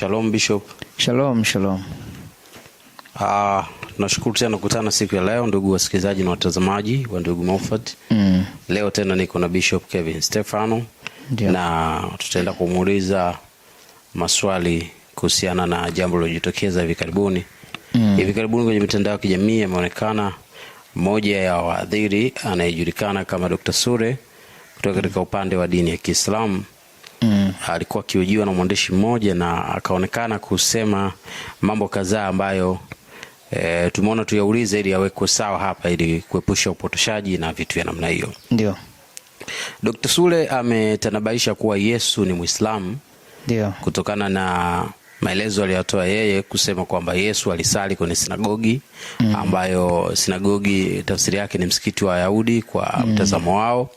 Shalom Bishop. Shalom, shalom. Ah, nashukuru tena kukutana siku ya leo ndugu wasikilizaji na watazamaji wa Ndugu Moffat. Mm. Leo tena niko na Bishop Kevin Stefano Ndiyo. na tutaenda kumuuliza maswali kuhusiana na jambo lilojitokeza hivi karibuni. Mm. karibuni kwenye mitandao ya kijamii yameonekana moja ya waadhiri anayejulikana kama Dr. Sure kutoka katika upande wa dini ya Kiislamu alikuwa akiujiwa na mwandishi mmoja na akaonekana kusema mambo kadhaa ambayo e, tumeona tuyaulize ili yawekwe sawa hapa ili kuepusha upotoshaji na vitu vya namna hiyo. Ndio. Dr. Sule ametanabaisha kuwa Yesu ni Muislamu. Ndio. Kutokana na maelezo aliyotoa yeye kusema kwamba Yesu alisali kwenye sinagogi mm. ambayo sinagogi tafsiri yake ni msikiti wa Wayahudi kwa mm. mtazamo mm. wao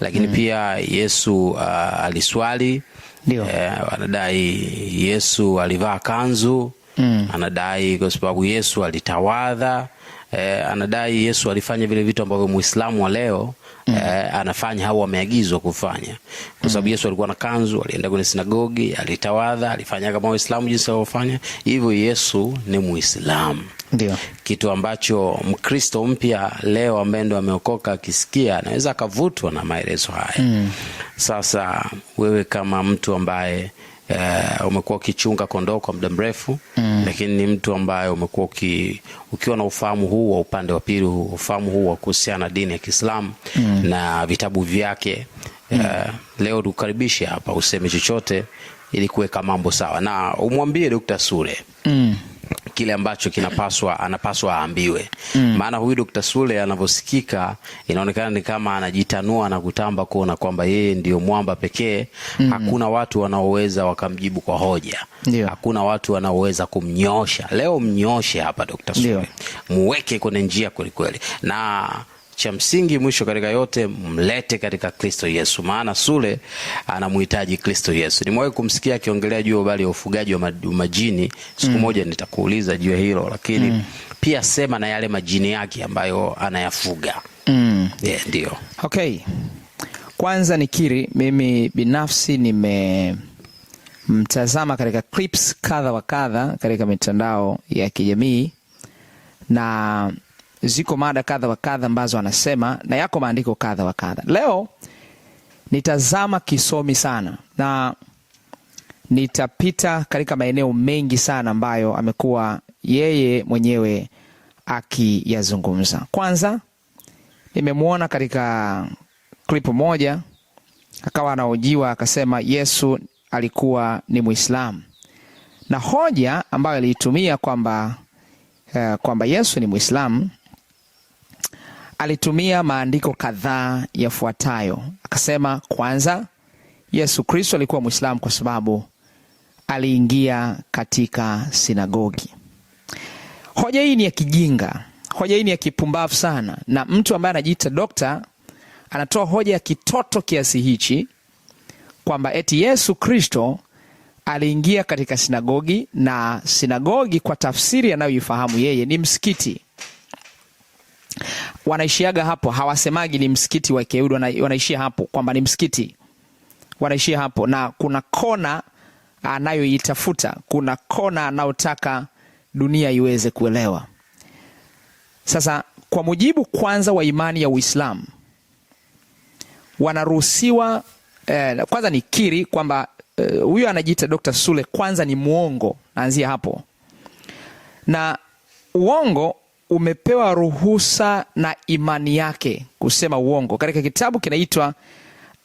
lakini mm. pia Yesu uh, aliswali eh, anadai Yesu alivaa kanzu mm. anadai kwa sababu Yesu alitawadha eh, anadai Yesu alifanya vile vitu ambavyo Muislamu wa leo Mm. Eh, anafanya au ameagizwa kufanya kwa sababu mm. Yesu alikuwa na kanzu, alienda kwenye sinagogi, alitawadha, alifanya kama Waislamu jinsi wanavyofanya. Hivyo Yesu ni Muislamu. Ndiyo. Kitu ambacho Mkristo mpya leo ambaye ndo ameokoka akisikia anaweza akavutwa na maelezo haya mm. Sasa wewe kama mtu ambaye Uh, umekuwa ukichunga kondoo kwa muda mrefu mm. Lakini ni mtu ambaye umekuwa ukiwa na ufahamu huu wa upande wa pili, ufahamu huu wa kuhusiana na dini ya Kiislamu mm. na vitabu vyake mm. Eh, leo tukaribishe hapa useme chochote ili kuweka mambo sawa na umwambie Dr. Sule mm kile ambacho kinapaswa anapaswa aambiwe. Mm. Maana huyu Dr. Sule anavyosikika inaonekana ni kama anajitanua na kutamba kuona kwamba yeye ndio mwamba pekee. Mm. Hakuna watu wanaoweza wakamjibu kwa hoja. Ndiyo. Hakuna watu wanaoweza kumnyosha. Leo mnyoshe hapa Dr. Sule. Muweke kwenye njia kweli kweli. Na cha msingi mwisho katika yote mlete katika Kristo Yesu, maana Sule anamhitaji Kristo Yesu. Nimewahi kumsikia akiongelea juu bali ya ufugaji wa majini, siku mm. moja nitakuuliza juu ya hilo lakini mm. pia sema na yale majini yake ambayo anayafuga mm. yeah, ndio. Okay, kwanza nikiri mimi binafsi nime mtazama katika clips kadha wa kadha katika mitandao ya kijamii na ziko mada kadha wa kadha ambazo anasema na yako maandiko kadha wa kadha. Leo nitazama kisomi sana na nitapita katika maeneo mengi sana ambayo amekuwa yeye mwenyewe akiyazungumza. Kwanza nimemwona katika klipu moja akawa anaojiwa akasema Yesu alikuwa ni Mwislamu, na hoja ambayo aliitumia kwamba eh, kwamba Yesu ni Muislamu alitumia maandiko kadhaa yafuatayo. Akasema kwanza, Yesu Kristo alikuwa Mwislamu kwa sababu aliingia katika sinagogi. Hoja hii ni ya kijinga, hoja hii ni ya kipumbavu sana, na mtu ambaye anajiita dokta anatoa hoja ya kitoto kiasi hichi kwamba eti Yesu Kristo aliingia katika sinagogi, na sinagogi kwa tafsiri anayoifahamu yeye ni msikiti wanaishiaga hapo, hawasemagi ni msikiti wa Kiyahudi, wanaishia hapo kwamba ni msikiti, wanaishia hapo, na kuna kona anayoitafuta, kuna kona anayotaka dunia iweze kuelewa. Sasa kwa mujibu kwanza wa imani ya Uislamu wanaruhusiwa eh, kwanza kiri kwamba eh, huyo eh, anajiita d Sule kwanza ni mwongo, naanzia hapo na uongo umepewa ruhusa na imani yake kusema uongo. Katika kitabu kinaitwa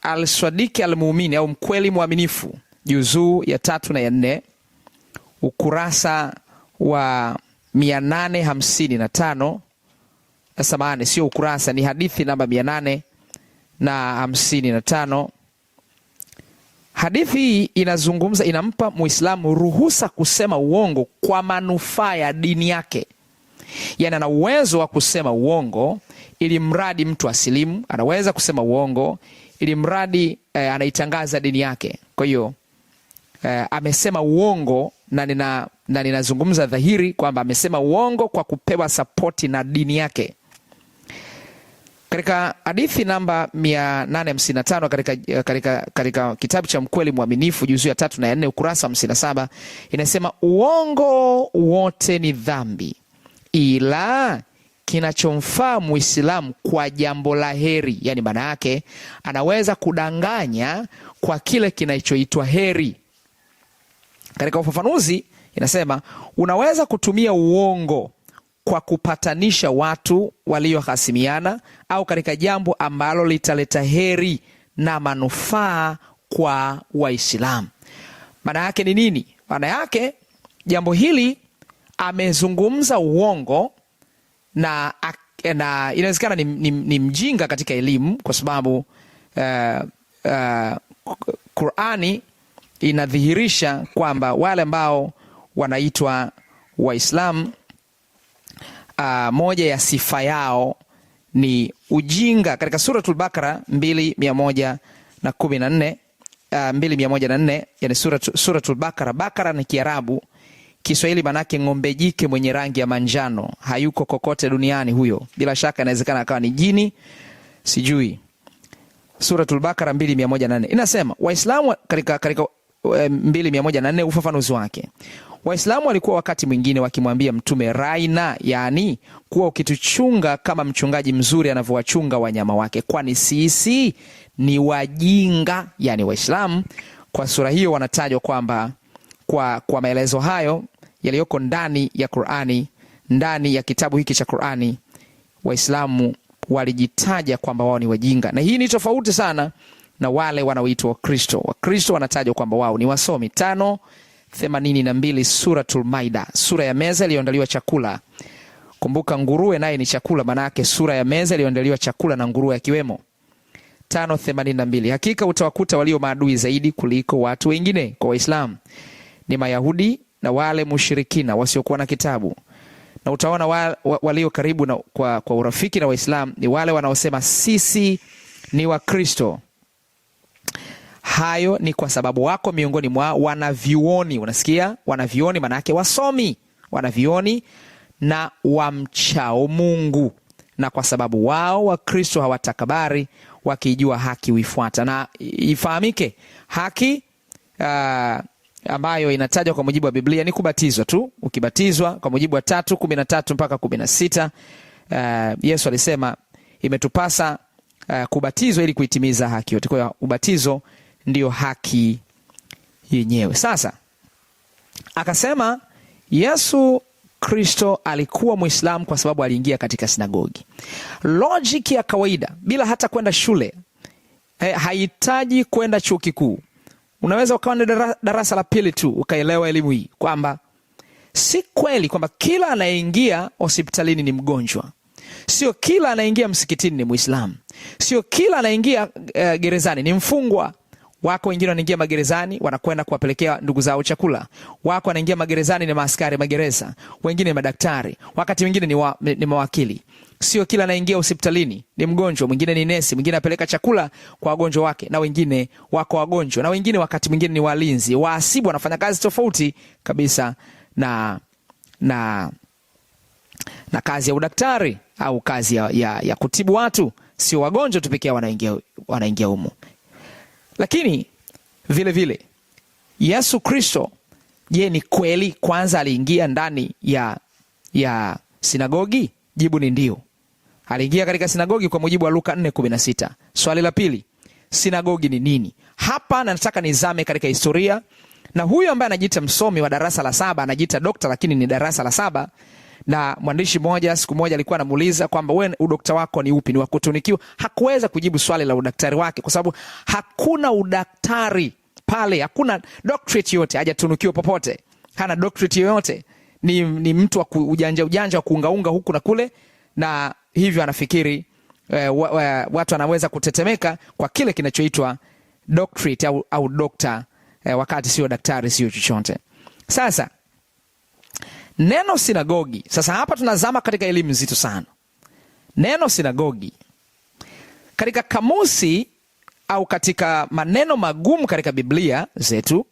Alswadiki Almuumini au mkweli mwaminifu, juzuu ya tatu na ya nne, ukurasa wa 855. Samahani, sio ukurasa, ni hadithi namba tano Hadithi hii inazungumza, inampa Muislamu ruhusa kusema uongo kwa manufaa ya dini yake yani ana uwezo wa kusema uongo ili mradi mtu asilimu, anaweza kusema uongo ili mradi eh, anaitangaza dini yake. Kwa hiyo eh, amesema uongo na nina na ninazungumza dhahiri kwamba amesema uongo kwa kupewa sapoti na dini yake. Katika hadithi namba 855 katika, katika, katika kitabu cha Mkweli Mwaminifu juzuu ya tatu na ya nne ukurasa wa 57 inasema uongo wote ni dhambi ila kinachomfaa Muislamu kwa jambo la heri, yani maana yake anaweza kudanganya kwa kile kinachoitwa heri. Katika ufafanuzi inasema unaweza kutumia uongo kwa kupatanisha watu waliohasimiana au katika jambo ambalo litaleta heri na manufaa kwa Waislamu. Maana yake ni nini? Maana yake jambo hili amezungumza uongo na, na inawezekana ni, ni, ni mjinga katika elimu kwa sababu uh, uh, Qurani inadhihirisha kwamba wale ambao wanaitwa Waislamu uh, moja ya sifa yao ni ujinga katika Suratul Bakara mbili mia moja na kumi na nne ah, mbili mia moja na nne yani Suratul Bakara. Bakara ni Kiarabu Kiswahili manake ng'ombe jike mwenye rangi ya manjano, hayuko kokote duniani huyo. Bila shaka inawezekana akawa ni jini, sijui. Suratul Bakara 2:104 inasema Waislamu katika katika 2:104 eh, ufafanuzi wake Waislamu walikuwa wakati mwingine wakimwambia Mtume raina, yaani kuwa ukituchunga kama mchungaji mzuri anavyowachunga wanyama wake, kwani sisi ni wajinga, yani Waislamu. Kwa sura hiyo wanatajwa kwamba kwa, kwa maelezo hayo yaliyoko ndani ya Qur'ani, ndani ya kitabu hiki cha Qur'ani, Waislamu walijitaja kwamba wao ni wajinga, na hii ni tofauti sana na wale wanaoitwa Wakristo. Wakristo wanatajwa kwamba wao ni wasomi. tano themanini na mbili Suratul Maida, sura ya meza iliyoandaliwa chakula. Kumbuka nguruwe naye ni chakula, maanake sura ya meza iliyoandaliwa chakula na nguruwe akiwemo. tano themanini na mbili hakika utawakuta walio maadui zaidi kuliko watu wengine kwa Waislamu ni Mayahudi na wale mushirikina wasiokuwa na kitabu na utaona wa, wa, walio karibu na, kwa, kwa urafiki na waislam ni wale wanaosema sisi ni Wakristo. Hayo ni kwa sababu wako miongoni mwa wanavyuoni. Unasikia, wanavyuoni maana yake wasomi, wanavyuoni na wamchao Mungu, na kwa sababu wao Wakristo hawatakabari, wakijua haki huifuata. Na ifahamike haki uh, ambayo inatajwa kwa mujibu wa Biblia ni kubatizwa tu. Ukibatizwa kwa mujibu wa tatu kumi na tatu mpaka kumi na sita uh, Yesu alisema imetupasa uh, kubatizwa ili kuitimiza haki yote. Kwa hiyo ubatizo ndiyo haki yenyewe. Sasa akasema Yesu Kristo alikuwa Mwislamu kwa sababu aliingia katika sinagogi. Logic ya kawaida bila hata kwenda shule, eh, hahitaji kwenda chuo kikuu Unaweza ukawa na darasa, la pili tu ukaelewa elimu hii kwamba si kweli kwamba kila anayeingia hospitalini ni mgonjwa. Sio kila anaingia msikitini ni Mwislamu. Sio kila anaingia uh, eh, gerezani ni mfungwa. Wako wengine wanaingia magerezani wanakwenda kuwapelekea ndugu zao chakula. Wako wanaingia magerezani ni maaskari magereza, wengine ni madaktari, wakati wengine ni, wa, ni mawakili sio kila anaingia hospitalini ni mgonjwa, mwingine ni nesi, mwingine apeleka chakula kwa wagonjwa wake, na wengine wako wagonjwa, na wengine wakati mwingine ni walinzi, waasibu, wanafanya kazi tofauti kabisa na, na, na kazi ya udaktari au kazi ya, ya, ya kutibu watu. Sio wagonjwa tu pekee wanaingia, wanaingia humo, lakini vile vile Yesu Kristo, je, ni kweli kwanza aliingia ndani ya, ya sinagogi? Jibu ni ndio aliingia katika sinagogi kwa mujibu wa Luka 4:16. Swali la pili, sinagogi ni nini? Hapa nataka nizame katika historia, na huyu ambaye anajiita msomi wa darasa la saba anajiita dokta, lakini ni darasa la saba na mwandishi mmoja siku moja alikuwa anamuuliza kwamba wewe udokta wako ni upi, ni wakutunikiwa Hakuweza kujibu swali la udaktari wake, kwa sababu hakuna udaktari pale, hakuna doctorate yote, hajatunikiwa popote, hana doctorate yoyote, ni, ni mtu wa ujanja ujanja wa kuungaunga huku na kule, na hivyo anafikiri e, wa, wa, watu anaweza kutetemeka kwa kile kinachoitwa doctorate au, au dokta e, eh, wakati sio daktari sio chochote. Sasa neno sinagogi, sasa hapa tunazama katika elimu nzito sana. Neno sinagogi katika kamusi au katika maneno magumu katika Biblia zetu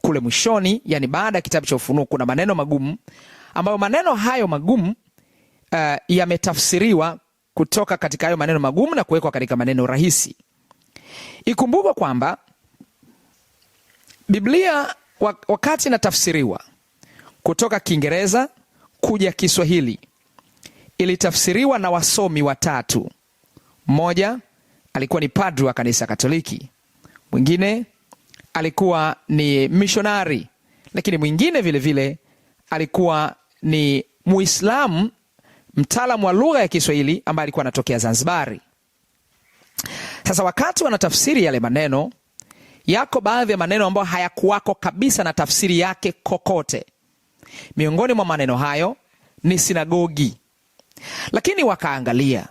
kule mwishoni, yani baada ya kitabu cha Ufunuo kuna maneno magumu ambayo maneno hayo magumu uh, yametafsiriwa kutoka katika hayo maneno magumu na kuwekwa katika maneno rahisi. Ikumbukwe kwamba Biblia wakati inatafsiriwa kutoka Kiingereza kuja Kiswahili ilitafsiriwa na wasomi watatu. Mmoja alikuwa ni padri wa kanisa Katoliki, mwingine alikuwa ni mishonari, lakini mwingine vilevile vile, alikuwa ni Muislamu mtaalamu wa lugha ya Kiswahili ambaye alikuwa anatokea Zanzibari. Sasa wakati wanatafsiri yale maneno, yako baadhi ya maneno ambayo hayakuwako kabisa na tafsiri yake kokote. Miongoni mwa maneno hayo ni sinagogi, lakini wakaangalia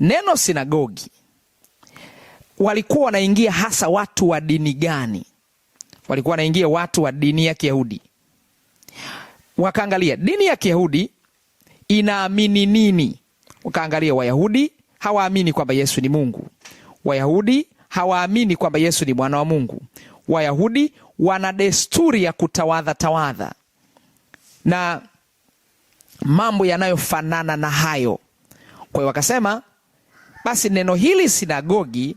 neno sinagogi, walikuwa wanaingia hasa watu wa dini gani? Walikuwa wanaingia watu wa dini ya Kiyahudi. Wakaangalia dini ya Kiyahudi inaamini nini? Ukaangalia, Wayahudi hawaamini kwamba Yesu ni Mungu. Wayahudi hawaamini kwamba Yesu ni mwana wa Mungu. Wayahudi wana desturi ya kutawadha tawadha na mambo yanayofanana na hayo. Kwa hiyo wakasema, basi neno hili sinagogi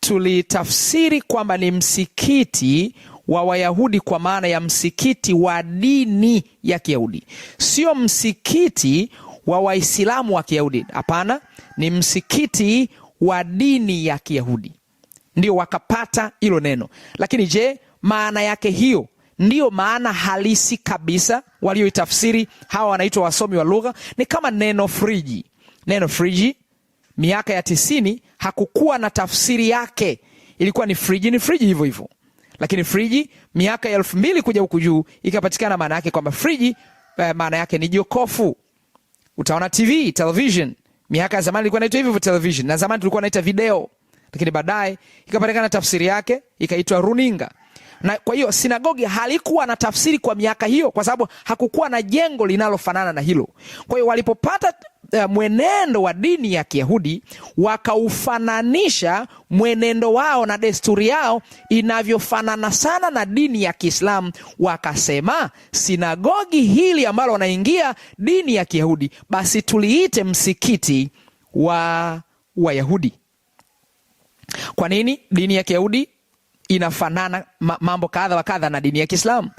tulitafsiri kwamba ni msikiti wa Wayahudi kwa maana ya msikiti wa dini ya Kiyahudi, sio msikiti wa Waislamu wa Kiyahudi. Hapana, ni msikiti wa dini ya Kiyahudi, ndio wakapata hilo neno. Lakini je, maana yake hiyo ndiyo maana halisi kabisa walioitafsiri hawa wanaitwa wasomi wa lugha? Ni kama neno friji. Neno friji miaka ya tisini hakukuwa na tafsiri yake, ilikuwa ni friji, ni friji hivyo hivyo. Lakini friji miaka ya elfu mbili kuja huku juu ikapatikana maana yake kwamba friji eh, maana yake ni jokofu. Utaona TV, television. Miaka ya zamani ilikuwa inaitwa hivyo television, na zamani tulikuwa naita video, lakini baadaye ikapatikana tafsiri yake ikaitwa runinga. Na kwa hiyo sinagogi halikuwa na tafsiri kwa miaka hiyo, kwa sababu hakukuwa na jengo linalofanana na hilo. Kwa hiyo walipopata Eh, mwenendo wa dini ya Kiyahudi wakaufananisha mwenendo wao na desturi yao inavyofanana sana na dini ya Kiislamu. Wakasema sinagogi hili ambalo wanaingia dini ya Kiyahudi, basi tuliite msikiti wa Wayahudi. Kwa nini? Dini ya Kiyahudi inafanana mambo kadha wa kadha na dini ya Kiislamu.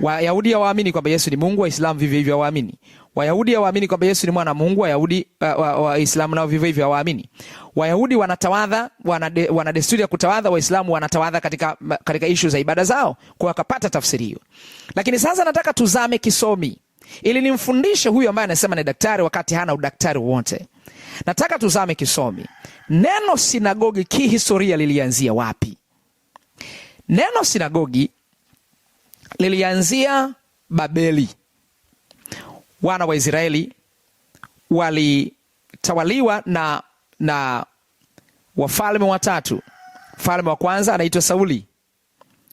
Wayahudi hawaamini kwamba Yesu ni Mungu, Waislamu vivyo hivyo hawaamini. Wayahudi hawaamini kwamba Yesu ni mwana Mungu, Wayahudi Waislamu uh, wa, nao vivyo hivyo hawaamini. Wayahudi wanatawadha, wana desturi ya kutawadha, Waislamu wanatawadha katika katika ishu za ibada zao, kwa wakapata tafsiri hiyo. Lakini sasa nataka tuzame kisomi ili nimfundishe huyu ambaye anasema ni daktari wakati hana udaktari wowote. Nataka tuzame kisomi neno sinagogi kihistoria lilianzia wapi? Neno sinagogi lilianzia Babeli wana wa Israeli walitawaliwa na, na wafalme watatu. Mfalme wa kwanza anaitwa Sauli,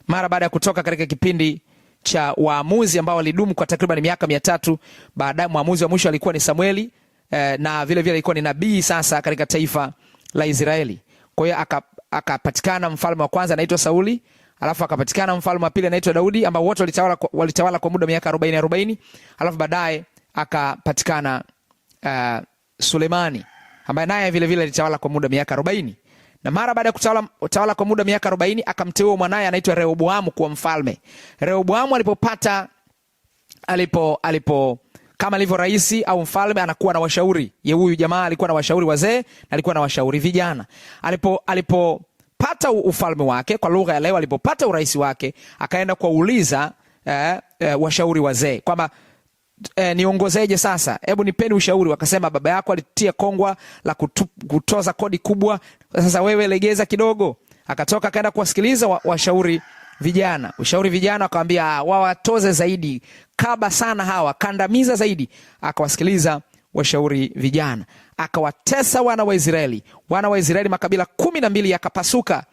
mara baada ya kutoka katika kipindi cha waamuzi ambao walidumu kwa takriban miaka mia tatu. Baadaye mwamuzi wa mwisho alikuwa ni Samueli eh, na vile vile alikuwa ni nabii sasa katika taifa la Israeli. Kwa hiyo akapatikana aka mfalme wa kwanza anaitwa Sauli, alafu akapatikana mfalme wa pili anaitwa Daudi, ambao wote walitawala, walitawala kwa muda wa miaka arobaini arobaini, alafu baadaye akapatikana uh, Sulemani ambaye naye vile vile alitawala kwa muda miaka arobaini na mara baada ya kutawala kwa muda miaka arobaini akamteua mwanaye anaitwa Rehoboamu kuwa mfalme. Rehoboamu alipopata alipo alipo kama alivyo rais au mfalme anakuwa na washauri ye, huyu jamaa alikuwa na washauri wazee na alikuwa na washauri vijana. Alipo alipopata ufalme wake, kwa lugha ya leo, alipopata urais wake akaenda kuwauliza eh, eh, washauri wazee kwamba eh, niongozeje sasa? Hebu nipeni ushauri. Wakasema baba yako alitia kongwa la kutu, kutoza kodi kubwa, sasa wewe legeza kidogo. Akatoka akaenda kuwasikiliza washauri wa vijana, ushauri vijana, wakawambia ah, wawatoze zaidi, kaba sana hawa, kandamiza zaidi. Akawasikiliza washauri vijana, akawatesa wana wa Israeli. Wana wa Israeli makabila kumi na mbili yakapasuka,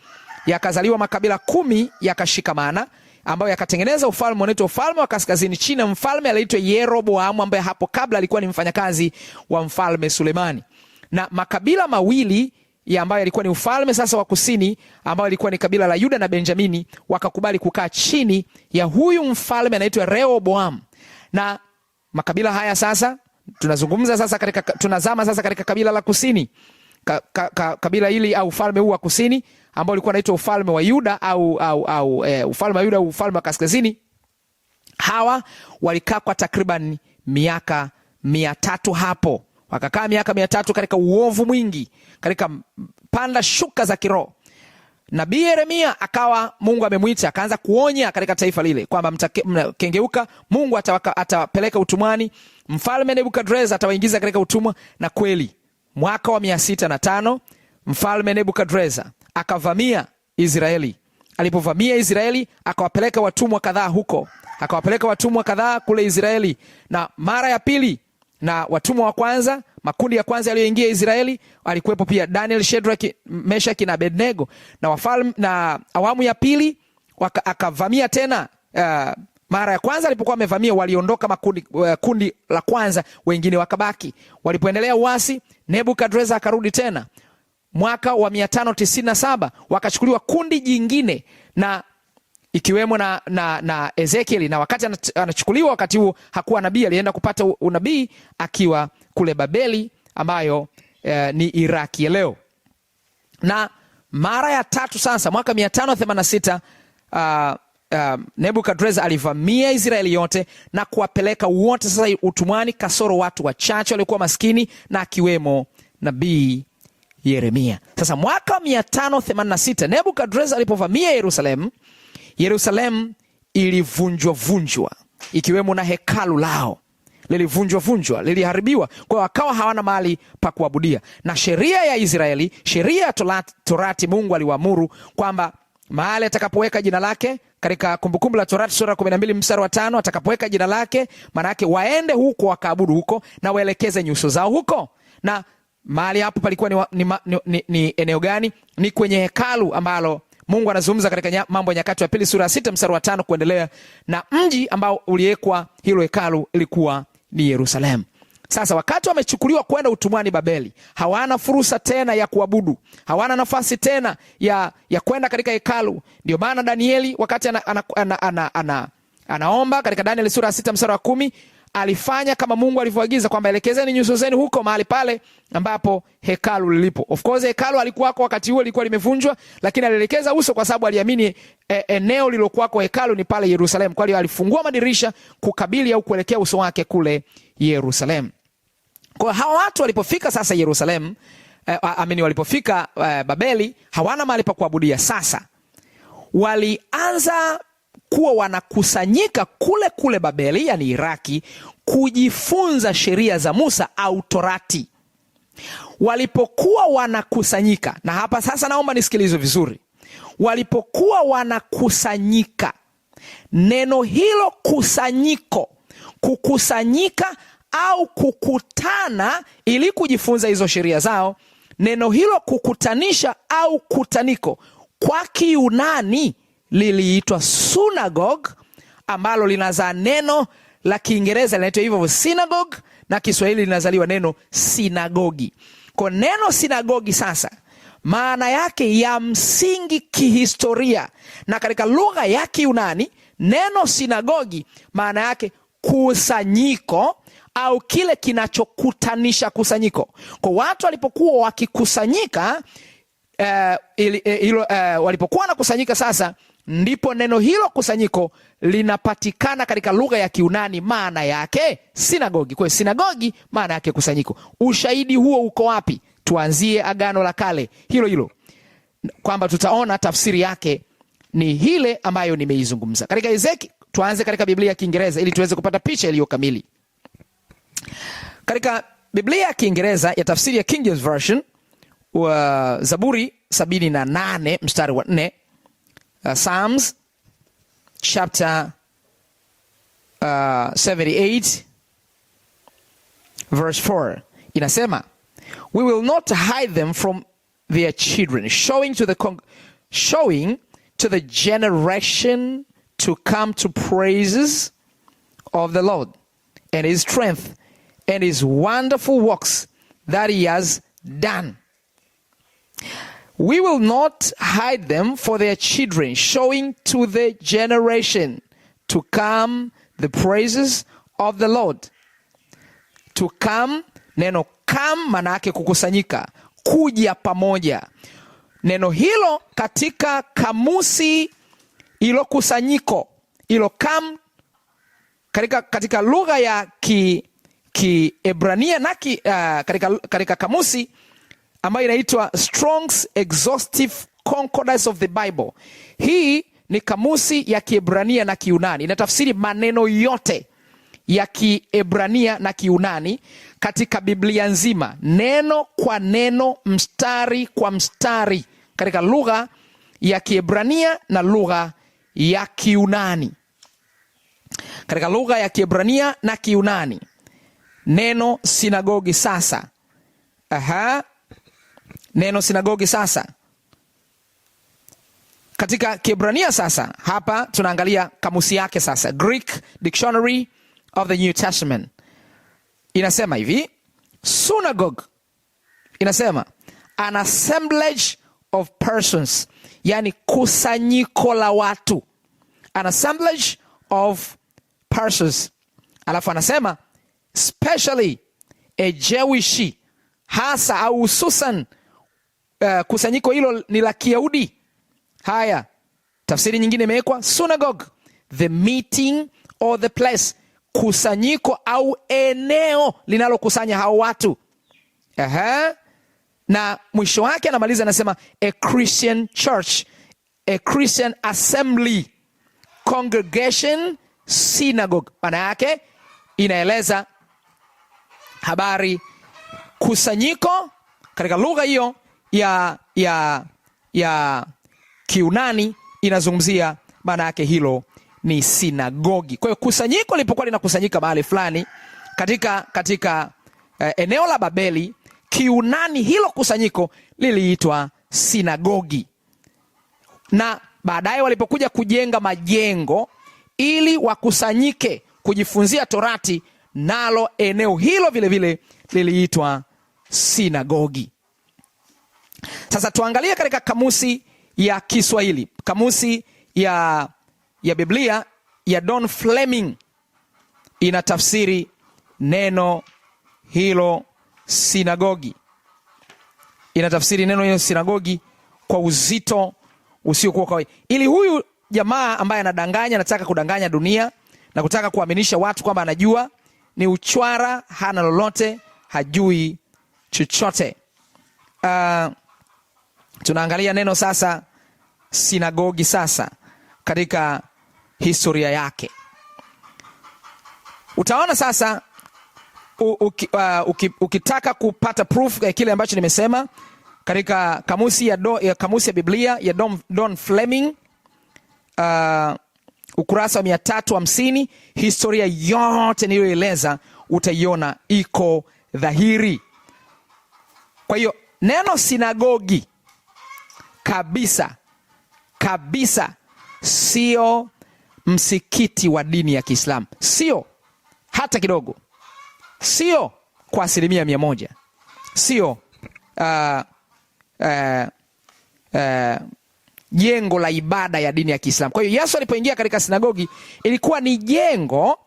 yakazaliwa makabila kumi yakashikamana ambayo yakatengeneza ufalme unaitwa ufalme wa kaskazini China. Mfalme anaitwa Yeroboamu ambaye hapo kabla alikuwa ni mfanyakazi wa mfalme Sulemani, na makabila mawili ya ambayo yalikuwa ni ufalme sasa wa kusini ambayo ilikuwa ni kabila la Yuda na Benjamini wakakubali kukaa chini ya huyu mfalme anaitwa Rehoboam. Na makabila haya sasa tunazungumza sasa katika tunazama sasa katika kabila la kusini ka, ka, ka, kabila hili au ufalme huu wa kusini ambao ulikuwa unaitwa ufalme wa Yuda au, au, au e, ufalme wa Yuda au ufalme wa kaskazini. Hawa walikaa kwa takriban miaka mia tatu hapo, wakakaa miaka mia tatu katika uovu mwingi, katika panda shuka za kiroho. Nabii Yeremia akawa Mungu amemwita akaanza kuonya katika taifa lile kwamba mtakengeuka, Mungu atawapeleka utumwani, mfalme Nebukadreza atawaingiza katika utumwa, na kweli mwaka wa mia sita na tano mfalme Nebukadreza akavamia Israeli. Alipovamia Israeli akawapeleka watumwa kadhaa huko, akawapeleka watumwa kadhaa kule Israeli, na mara ya pili na watumwa wa kwanza, makundi ya kwanza yaliyoingia Israeli alikuwepo pia Daniel, Shedraki, Meshaki na Abednego, na na awamu ya pili akavamia tena uh, mara ya kwanza alipokuwa amevamia waliondoka makundi, uh, kundi la kwanza, wengine wakabaki. Walipoendelea uasi, Nebukadreza akarudi tena mwaka wa 597 wakachukuliwa kundi jingine na ikiwemo na, na, na Ezekieli na wakati anachukuliwa, wakati huo hakuwa nabii, alienda kupata unabii akiwa kule Babeli ambayo eh, ni Iraki ya leo. Na mara ya tatu sasa mwaka 586 uh, um, Nebukadreza alivamia Israeli yote na kuwapeleka wote sasa utumwani, kasoro watu wachache waliokuwa maskini na akiwemo nabii Yeremia. Sasa mwaka 586 Nebukadreza alipovamia Yerusalemu, Yerusalemu ilivunjwavunjwa ikiwemo na hekalu lao lilivunjwavunjwa, liliharibiwa. kwao wakawa hawana mali pa kuabudia, na sheria ya Israeli, sheria ya torati, Mungu aliwaamuru kwamba mahali atakapoweka jina lake katika Kumbukumbu la Torati sura kumi na mbili mstari wa tano atakapoweka jina lake, maana waende huko wakaabudu huko na waelekeze nyuso zao huko. Na mahali hapo palikuwa ni, ni, ni, ni, ni eneo gani? Ni kwenye hekalu ambalo Mungu anazungumza katika Mambo ya Nyakati wa Pili sura ya sita mstari wa tano kuendelea, na mji ambao uliwekwa hilo hekalu ilikuwa ni Yerusalemu. Sasa wakati wamechukuliwa kwenda utumwani Babeli, hawana fursa tena ya kuabudu, hawana nafasi tena ya, ya kwenda katika hekalu. Ndio maana Danieli wakati ana, ana, ana, ana, ana, anaomba katika Danieli sura ya sita mstari wa kumi alifanya kama Mungu alivyoagiza kwamba elekezeni nyuso zenu huko mahali pale ambapo hekalu lilipo. Of course hekalu alikuwako wakati huo lilikuwa limevunjwa, lakini alielekeza uso kwa sababu aliamini e, eneo lilokuwako hekalu ni pale Yerusalemu. Kwa hiyo alifungua madirisha kukabili au kuelekea uso wake kule Yerusalemu. Kwa hawa watu walipofika sasa Yerusalemu, eh, amini walipofika eh, Babeli hawana mahali pa kuabudia sasa. Walianza kuwa wanakusanyika kule kule Babeli, yani Iraki, kujifunza sheria za Musa au Torati. Walipokuwa wanakusanyika, na hapa sasa naomba nisikilizwe vizuri. Walipokuwa wanakusanyika, neno hilo kusanyiko, kukusanyika au kukutana ili kujifunza hizo sheria zao. Neno hilo kukutanisha au kutaniko kwa kiunani liliitwa sunagog ambalo linazaa neno la Kiingereza linaitwa hivyo synagogue, na Kiswahili linazaliwa neno sinagogi. ko neno sinagogi sasa maana yake ya msingi kihistoria, na katika lugha ya kiunani neno sinagogi maana yake kusanyiko au kile kinachokutanisha kusanyiko. Kwa watu walipokuwa wakikusanyika eh, ili, eh, il, eh, walipokuwa wanakusanyika sasa, ndipo neno hilo kusanyiko linapatikana katika lugha ya Kiunani, maana yake sinagogi. Kwa sinagogi maana yake kusanyiko. Ushahidi huo uko wapi? Tuanzie Agano la Kale hilo hilo, kwamba tutaona tafsiri yake ni hile ambayo nimeizungumza katika Ezekieli. Tuanze katika Biblia ya Kiingereza ili tuweze kupata picha iliyo kamili. Katika Biblia ya Kiingereza ya tafsiri ya King James Version wa Zaburi 78 mstari wa 4, uh, Psalms chapter uh, 78 verse 4 inasema, we will not hide them from their children showing to the con showing to the generation to come to praises of the Lord and his strength and his wonderful works that he has done. We will not hide them for their children, showing to the generation to come the praises of the Lord. To come, neno come maana kukusanyika, kuja pamoja. Neno hilo katika kamusi ilo kusanyiko ilo come katika, katika lugha ya ki Kiebrania na ki, uh, katika, katika kamusi ambayo inaitwa Strong's Exhaustive Concordance of the Bible. Hii ni kamusi ya Kiebrania na Kiunani, inatafsiri maneno yote ya Kiebrania na Kiunani katika Biblia nzima, neno kwa neno, mstari kwa mstari, katika lugha ya Kiebrania na lugha ya Kiunani, katika lugha ya Kiebrania na Kiunani neno sinagogi sasa. Aha, neno sinagogi sasa katika kibrania sasa, hapa tunaangalia kamusi yake sasa, Greek Dictionary of the New Testament inasema hivi sunagog inasema an assemblage of persons, yani kusanyiko la watu, an assemblage of persons, alafu anasema specially a Jewish hasa au hususan uh, kusanyiko hilo ni la Kiyahudi. Haya, tafsiri nyingine imewekwa synagogue, the meeting or the place, kusanyiko au eneo linalokusanya hao watu. Aha. Na mwisho wake anamaliza anasema a Christian church, a Christian assembly, congregation, synagogue. Maana yake inaeleza habari kusanyiko katika lugha hiyo ya, ya, ya Kiunani inazungumzia maana yake hilo ni sinagogi. Kwa hiyo kusanyiko lilipokuwa linakusanyika mahali fulani katika, katika eh, eneo la Babeli Kiunani, hilo kusanyiko liliitwa sinagogi, na baadaye walipokuja kujenga majengo ili wakusanyike kujifunzia torati nalo eneo hilo vilevile liliitwa sinagogi. Sasa tuangalie katika kamusi ya Kiswahili, kamusi ya, ya Biblia ya Don Fleming inatafsiri neno hilo sinagogi, inatafsiri neno hilo sinagogi kwa uzito usiokuwa kawaida, ili huyu jamaa ambaye anadanganya, anataka kudanganya dunia na kutaka kuaminisha watu kwamba anajua ni uchwara, hana lolote, hajui chochote. Uh, tunaangalia neno sasa sinagogi. Sasa katika historia yake utaona sasa u, uh, uki, ukitaka kupata proof ya kile ambacho nimesema katika kamusi ya, do, ya, kamusi ya Biblia ya Don, Don Fleming uh, ukurasa wa mia tatu hamsini historia yote niliyoeleza utaiona iko dhahiri. Kwa hiyo neno sinagogi kabisa kabisa sio msikiti wa dini ya Kiislamu, sio hata kidogo, sio kwa asilimia mia moja, sio uh, uh, uh, jengo la ibada ya dini ya Kiislamu. Kwa hiyo Yesu alipoingia katika sinagogi ilikuwa ni jengo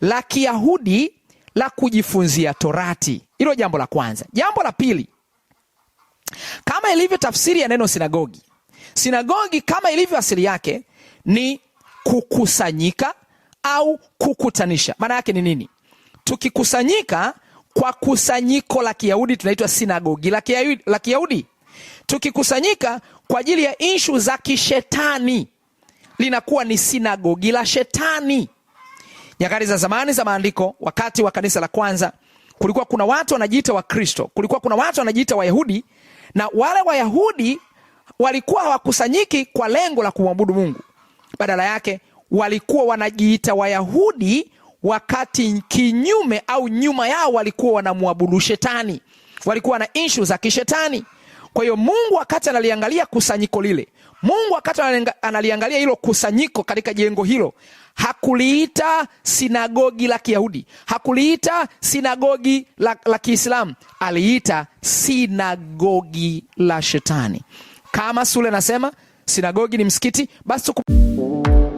la Kiyahudi la kujifunzia Torati. Hilo jambo la kwanza. Jambo la pili, kama ilivyo tafsiri ya neno sinagogi, sinagogi kama ilivyo asili yake ni kukusanyika au kukutanisha. Maana yake ni nini? Tukikusanyika kwa kusanyiko la Kiyahudi tunaitwa sinagogi la Kiyahudi. Tukikusanyika kwa ajili ya inshu za kishetani linakuwa ni sinagogi la shetani. Nyakati za zamani za maandiko, wakati wa kanisa la kwanza, kulikuwa kuna watu wanajiita Wakristo, kulikuwa kuna watu wanajiita Wayahudi, na wale Wayahudi walikuwa hawakusanyiki kwa lengo la kumwabudu Mungu. Badala yake walikuwa wanajiita Wayahudi wakati kinyume au nyuma yao walikuwa wanamwabudu shetani, walikuwa na inshu za kishetani. Kwa hiyo Mungu wakati analiangalia kusanyiko lile, Mungu wakati analiangalia hilo kusanyiko katika jengo hilo, hakuliita sinagogi la Kiyahudi, hakuliita sinagogi la, la Kiislamu, aliita sinagogi la Shetani. Kama Sule anasema sinagogi ni msikiti, basi tuku